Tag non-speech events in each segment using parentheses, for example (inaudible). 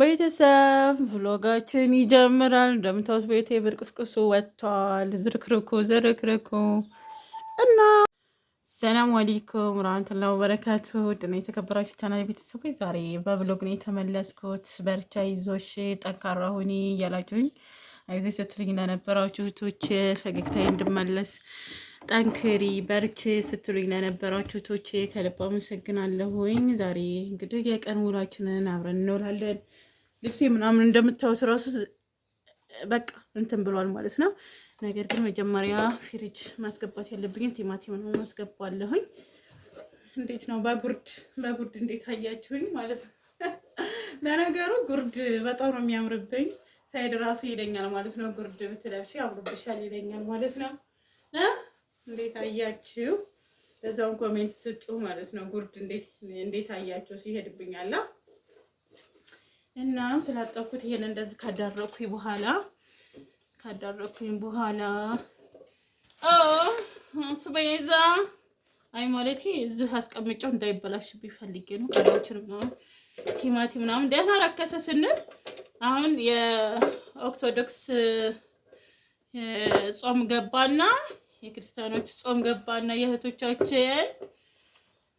ቤተሰብ ቭሎጋችን ይጀምራል። እንደምታዩት ቤቴ ብርቅስቅሱ ወጥቷል። ዝርክርኩ ዝርክርኩ እና ሰላም አለይኩም ረህመቱላሂ ወበረካቱ። ድና የተከበራችሁ ቻናል ቤተሰቦች ዛሬ በብሎግ ነው የተመለስኩት። በርቻ ይዞሽ ጠንካራ ሁኒ እያላችሁኝ ጊዜ ስትልኝ ለነበራችሁ ቶች ፈገግታዬ እንድመለስ ጠንክሪ በርች ስትሉኝ ለነበራችሁ ቶቼ ከልብ መሰግናለሁኝ ዛሬ እንግዲህ የቀን ውሏችንን አብረን እንውላለን። ልብሴ ምናምን እንደምታዩት ራሱ በቃ እንትን ብሏል ማለት ነው። ነገር ግን መጀመሪያ ፍሪጅ ማስገባት ያለብኝን ቲማቲም ነው ማስገባለሁኝ። እንዴት ነው በጉርድ በጉርድ እንዴት አያችሁኝ ማለት ነው። ለነገሩ ጉርድ በጣም ነው የሚያምርብኝ። ሳይድ ራሱ ይለኛል ማለት ነው። ጉርድ ብትለብሽ አምሮብሻል ይለኛል ማለት ነው። እንዴት አያችሁ? እዛውን ኮሜንት ስጡ ማለት ነው። ጉርድ እንዴት አያችሁ? ሲሄድብኛላ እናም ስላጠብኩት ይሄን እንደዚህ ካዳረኩኝ በኋላ ካዳረኩኝ በኋላ ሱበይዛ አይ ማለት እዚህ አስቀምጫው እንዳይበላሽብኝ ፈልጌ ነው። ቀዳዎችን ቲማቲም ምናምን ደህና ረከሰ ስንል አሁን የኦርቶዶክስ ጾም ገባና የክርስቲያኖች ጾም ገባና የእህቶቻችን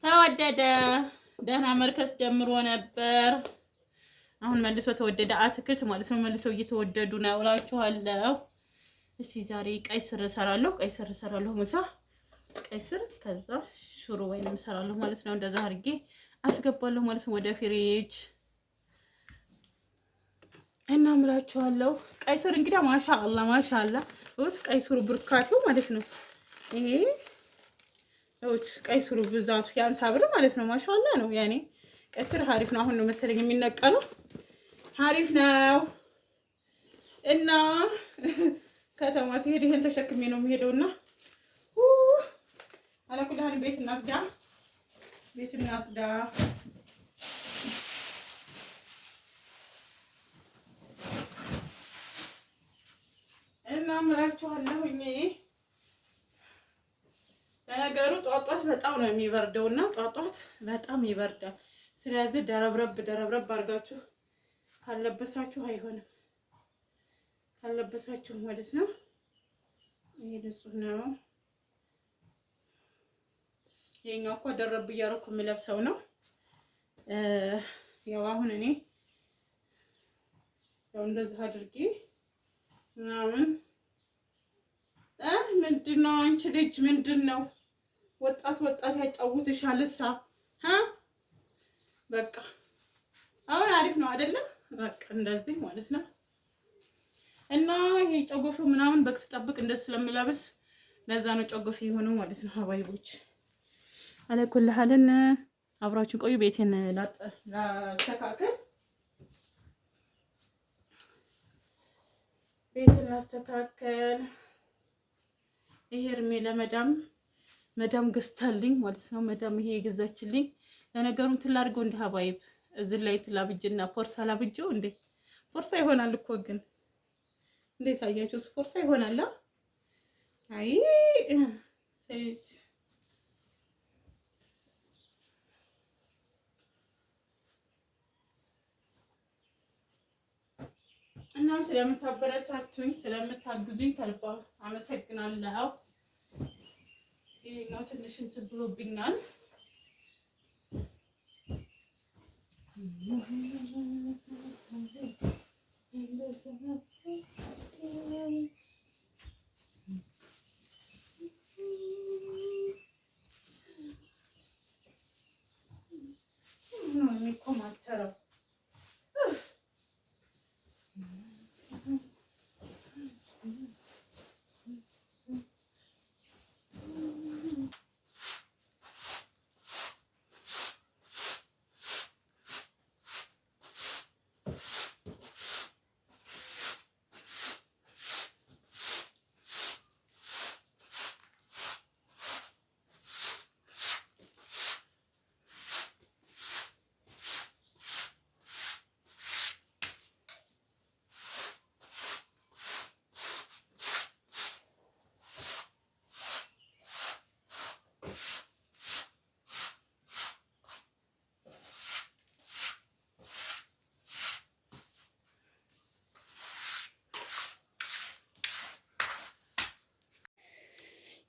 ተወደደ። ደህና መርከስ ጀምሮ ነበር። አሁን መልሶ ተወደደ። አትክልት ማለት ነው። መልሰው እየተወደዱ ነው እላችኋለሁ። እስቲ ዛሬ ቀይ ስር እሰራለሁ። ቀይ ስር እሰራለሁ። ምሳ ቀይ ስር፣ ከዛ ሽሮ ወይንም እሰራለሁ ማለት ነው። እንደዛ አድርጌ አስገባለሁ ማለት ነው ወደ ፍሪጅ እና ምላችኋለሁ ቀይ ስር እንግዲህ ማሻአላ አላ ማሻ እውት ቀይ ስሩ ብርካቴው ማለት ነው። ይሄ እውት ቀይ ስሩ ብዛቱ የአምሳ ብር ማለት ነው። ማሻአላ ነው። ያኔ ቀይ ስር ሀሪፍ ነው። አሁን ነው መሰለኝ የሚነቀለው ሀሪፍ ነው። እና ከተማ ሲሄድ ይሄን ተሸክሜ ነው የሚሄደውና አላኩላህን ቤት እናስዳ ቤት እናስዳ ምናምን እላችኋለሁኝ። ለነገሩ ጧጧት በጣም ነው የሚበርደው እና ጧጧት በጣም ይበርዳል። ስለዚህ ደረብረብ ደረብረብ አድርጋችሁ ካለበሳችሁ አይሆንም። ካለበሳችሁ ማለት ነው። ይሄ ንጹህ ነው። የኛው እኮ ደረብ እያደረኩ የምለብሰው ነው። ያው አሁን እኔ ያው እንደዚህ አድርጌ ምናምን ምንድን ነው አንቺ ልጅ ምንድን ነው? ወጣት ወጣት ያጫውትሻል። እሳ በቃ አሁን አሪፍ ነው አይደለም? በቃ እንደዚህ ማለት ነው። እና ይሄ ጨጎፌ ምናምን በግ ስጠብቅ እንደዚህ ስለምለብስ ለዛ ነው ጨጎፌ የሆነ ማለት ነው። ሀባይቦች አለኩልሃልን አብራችን ቆዩ። ቤቴን ላስተካከል ቤቴን ላስተካከል ይሄ እርሜ ለመዳም መዳም ገዝታልኝ ማለት ነው። መዳም ይሄ የገዛችልኝ ለነገሩ እንትን እንደ ሀባይብ እዚህ ላይ ትላብጅና ላብጅና ፖርሳ ላብጀው እንዴ ፖርሳ ይሆናል እኮ ግን እንዴት አያችሁ? ፖርሳ ይሆናል። አይ ሰይድ እናም ስለምታበረታቱኝ ስለምታግዙኝ ተልባ አመሰግናለሁ። ይሄኛው ትንሽ እንትን ብሎብኛል።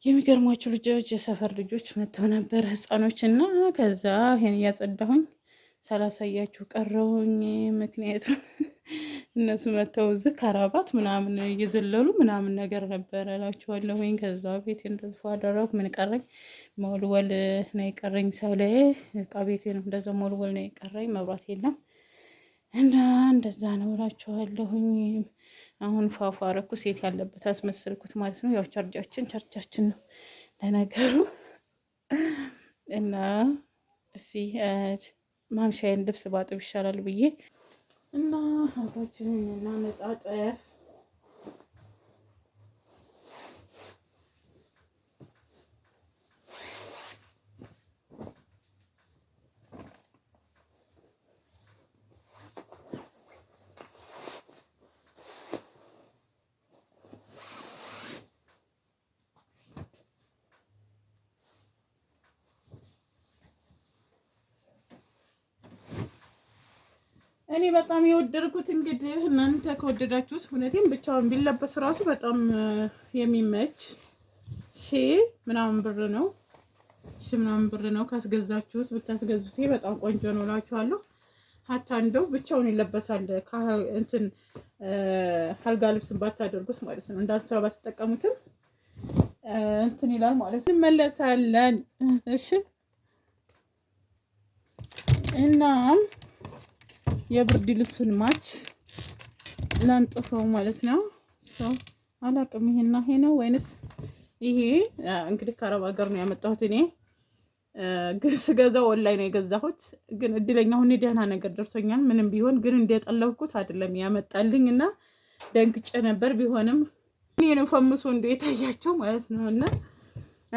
የሚገርማቸው ልጆች የሰፈር ልጆች መጥተው ነበር ህፃኖች እና ከዛ ይሄን እያጸዳሁኝ ሳላሳያችሁ ቀረውኝ። ምክንያቱም እነሱ መጥተው እዚህ ከራባት ምናምን እየዘለሉ ምናምን ነገር ነበር ነበረ ወይም ከዛ ቤት እንደዝፎ አደረኩ። ምን ቀረኝ? መወልወል ነው የቀረኝ። ሰው ላይ እቃ ቤቴ ነው እንደዛ መወልወል ነው የቀረኝ። መብራት የለም እና እንደዛ ነው እላችኋለሁኝ። አሁን ፏፏ አረኩ፣ ሴት ያለበት አስመሰልኩት ማለት ነው። ያው ቻርጃችን ቻርጃችን ነው ለነገሩ። እና እሲ ማምሻዬን ልብስ ባጥብ ይሻላል ብዬ እና ሀገራችንን እናነጣጠፍ እኔ በጣም የወደድኩት እንግዲህ እናንተ ከወደዳችሁት እውነቴን ብቻውን ቢለበስ ራሱ በጣም የሚመች ሺ ምናምን ብር ነው። ሺ ምናምን ብር ነው ካስገዛችሁት፣ ብታስገዙት በጣም ቆንጆ ነው እላችኋለሁ። ሀታ እንደው ብቻውን ይለበሳል። እንትን አልጋ ልብስ ባታደርጉት ማለት ነው። እንዳንሱ ስራ ባትጠቀሙትም እንትን ይላል ማለት ነው። እንመለሳለን። እሺ እናም የብርድ ልብሱን ማች ላንጥፈው ማለት ነው። አላቅም። ይሄና ይሄ ነው ወይንስ ይሄ እንግዲህ ከአረብ ሀገር ነው ያመጣሁት እኔ ግን ስገዛው ኦንላይን ነው የገዛሁት። ግን እድለኛ ሁኔ ደህና ነገር ደርሶኛል። ምንም ቢሆን ግን እንደጠለብኩት አይደለም ያመጣልኝ እና ደንግጬ ነበር። ቢሆንም እኔ ነው ፈምሶ እንደ የታያቸው ማለት ነው። እና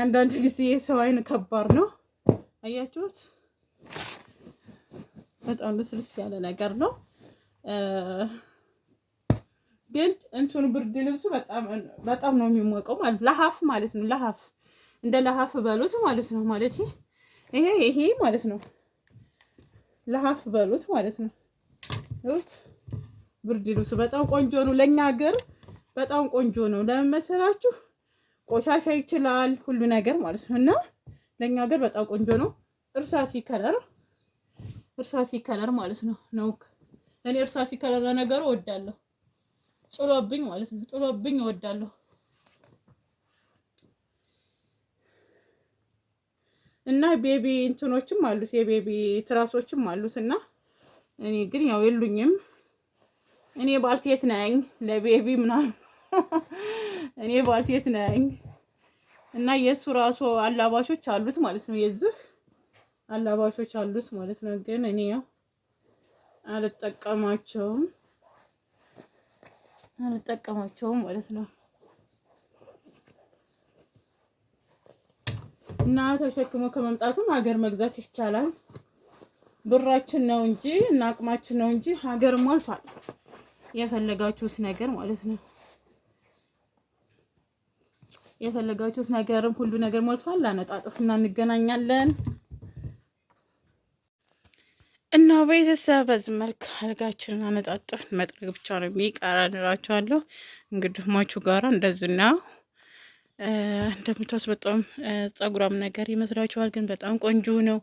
አንዳንድ ጊዜ የሰው አይን ከባድ ነው። አያችሁት? በጣም ልስልስ ያለ ነገር ነው። ግን እንትኑ ብርድ ልብሱ በጣም ነው የሚሞቀው ማለት ለሀፍ ማለት ነው። ለሀፍ እንደ ለሀፍ በሉት ማለት ነው። ማለት ይሄ ይሄ ማለት ነው። ለሀፍ በሉት ማለት ነው። ብርድ ልብሱ በጣም ቆንጆ ነው። ለኛ ሀገር በጣም ቆንጆ ነው። ለምን መሰላችሁ? ቆሻሻ ይችላል ሁሉ ነገር ማለት ነው። እና ለኛ ሀገር በጣም ቆንጆ ነው። እርሳስ ይከረር እርሳሲ ከለር ማለት ነው ነውክ እኔ እርሳሲ ከለር ለነገሩ እወዳለሁ። ጥሎብኝ ማለት ነው ጥሎብኝ እወዳለሁ። እና ቤቢ እንትኖችም አሉት የቤቢ ትራሶችም አሉት። እና እኔ ግን ያው የሉኝም። እኔ ባልቴት ነኝ ለቤቢ ምናምን (laughs) እኔ ባልቴት ነኝ። እና የእሱ ራሱ አላባሾች አሉት ማለት ነው የዚህ አላባሾች አሉት ማለት ነው። ግን እኔ ያው አልጠቀማቸውም አልጠቀማቸውም ማለት ነው። እና ተሸክሞ ከመምጣቱም ሀገር መግዛት ይቻላል። ብራችን ነው እንጂ እና አቅማችን ነው እንጂ ሀገር ሞልቷል። የፈለጋችሁት ነገር ማለት ነው። የፈለጋችሁት ነገርም ሁሉ ነገር ሞልቷል። አነጣጥፍና እንገናኛለን። እና ቤተሰብ በዚህ መልክ አልጋችንን አነጣጥፍ መጥረግ ብቻ ነው የሚቀረን እላችኋለሁ። እንግዲህ ማቹ ጋራ እንደዚና እንደምታስ በጣም ጸጉራም ነገር ይመስላችኋል፣ ግን በጣም ቆንጆ ነው።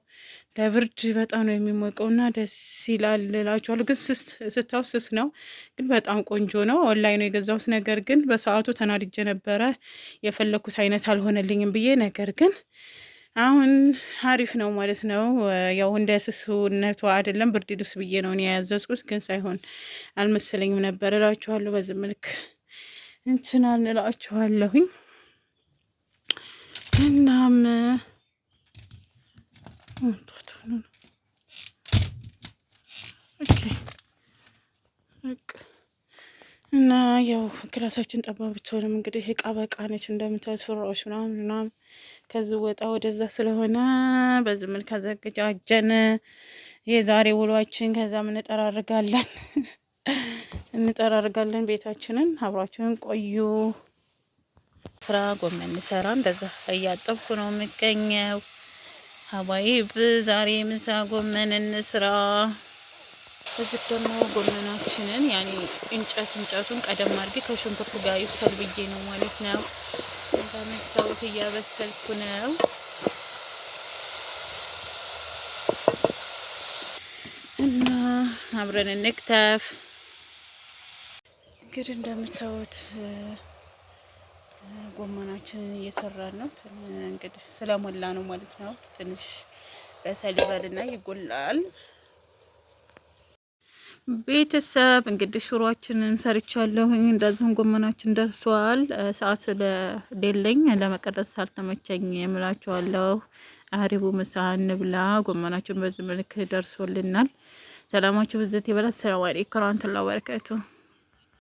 ለብርድ በጣም ነው የሚሞቀው እና ደስ ይላል እላችኋለሁ። ግን ስታው ስስ ነው፣ ግን በጣም ቆንጆ ነው። ኦንላይን ነው የገዛሁት። ነገር ግን በሰዓቱ ተናድጄ ነበረ የፈለኩት አይነት አልሆነልኝም ብዬ ነገር ግን አሁን አሪፍ ነው ማለት ነው። ያው እንደ ስስነቷ አይደለም ብርድ ልብስ ብዬ ነው የያዘዝኩት፣ ግን ሳይሆን አልመሰለኝም ነበር እላችኋለሁ። በዚህ መልክ እንትናን እላችኋለሁኝ። እናም እና ያው ክላሳችን ጠባብ ብትሆንም እንግዲህ እቃ በቃ ነች እንደምታዩት ፍራዎች ምናምን ምናምን ከዚህ ወጣ ወደዛ ስለሆነ በዚህ መልክ አዘገጃጀን የዛሬ ውሏችን። ከዛም እንጠራርጋለን (laughs) እንጠራርጋለን ቤታችንን። አብሯችሁን ቆዩ። ስራ ጎመን እንሰራ እንደዛ እያጠብኩ ነው የምገኘው። ሀባይብ ዛሬ ምሳ ጎመን እንስራ እዚህ ደግሞ ጎመናችንን ያ እንጨት እንጨቱን ቀደም አድርጌ ከሽንኩርት ጋር ይብሰል ብዬ ነው ማለት ነው። እንደምታዩት እያበሰልኩ ነው። እና አብረን እንክተፍ። እንግዲህ እንደምታዩት ጎመናችንን እየሰራን ነው። እንግዲህ ስለሞላ ነው ማለት ነው። ትንሽ በሰል ይበልና ይጎላል። ቤተሰብ እንግዲህ ሽሮችንም ሰርቻለሁ። እንደዚሁም ጎመናችን ደርሰዋል። ሰዓት ስለሌለኝ ለመቀረጽ ሳልተመቸኝ የምላችኋለሁ። አሪቡ ምሳ እንብላ። ጎመናችን በዚህ መልክ ደርሶልናል። ሰላማችሁ ብዘት ይበላ። ሰላም አለይኩም ወራህመቱላሂ ወበረካቱሁ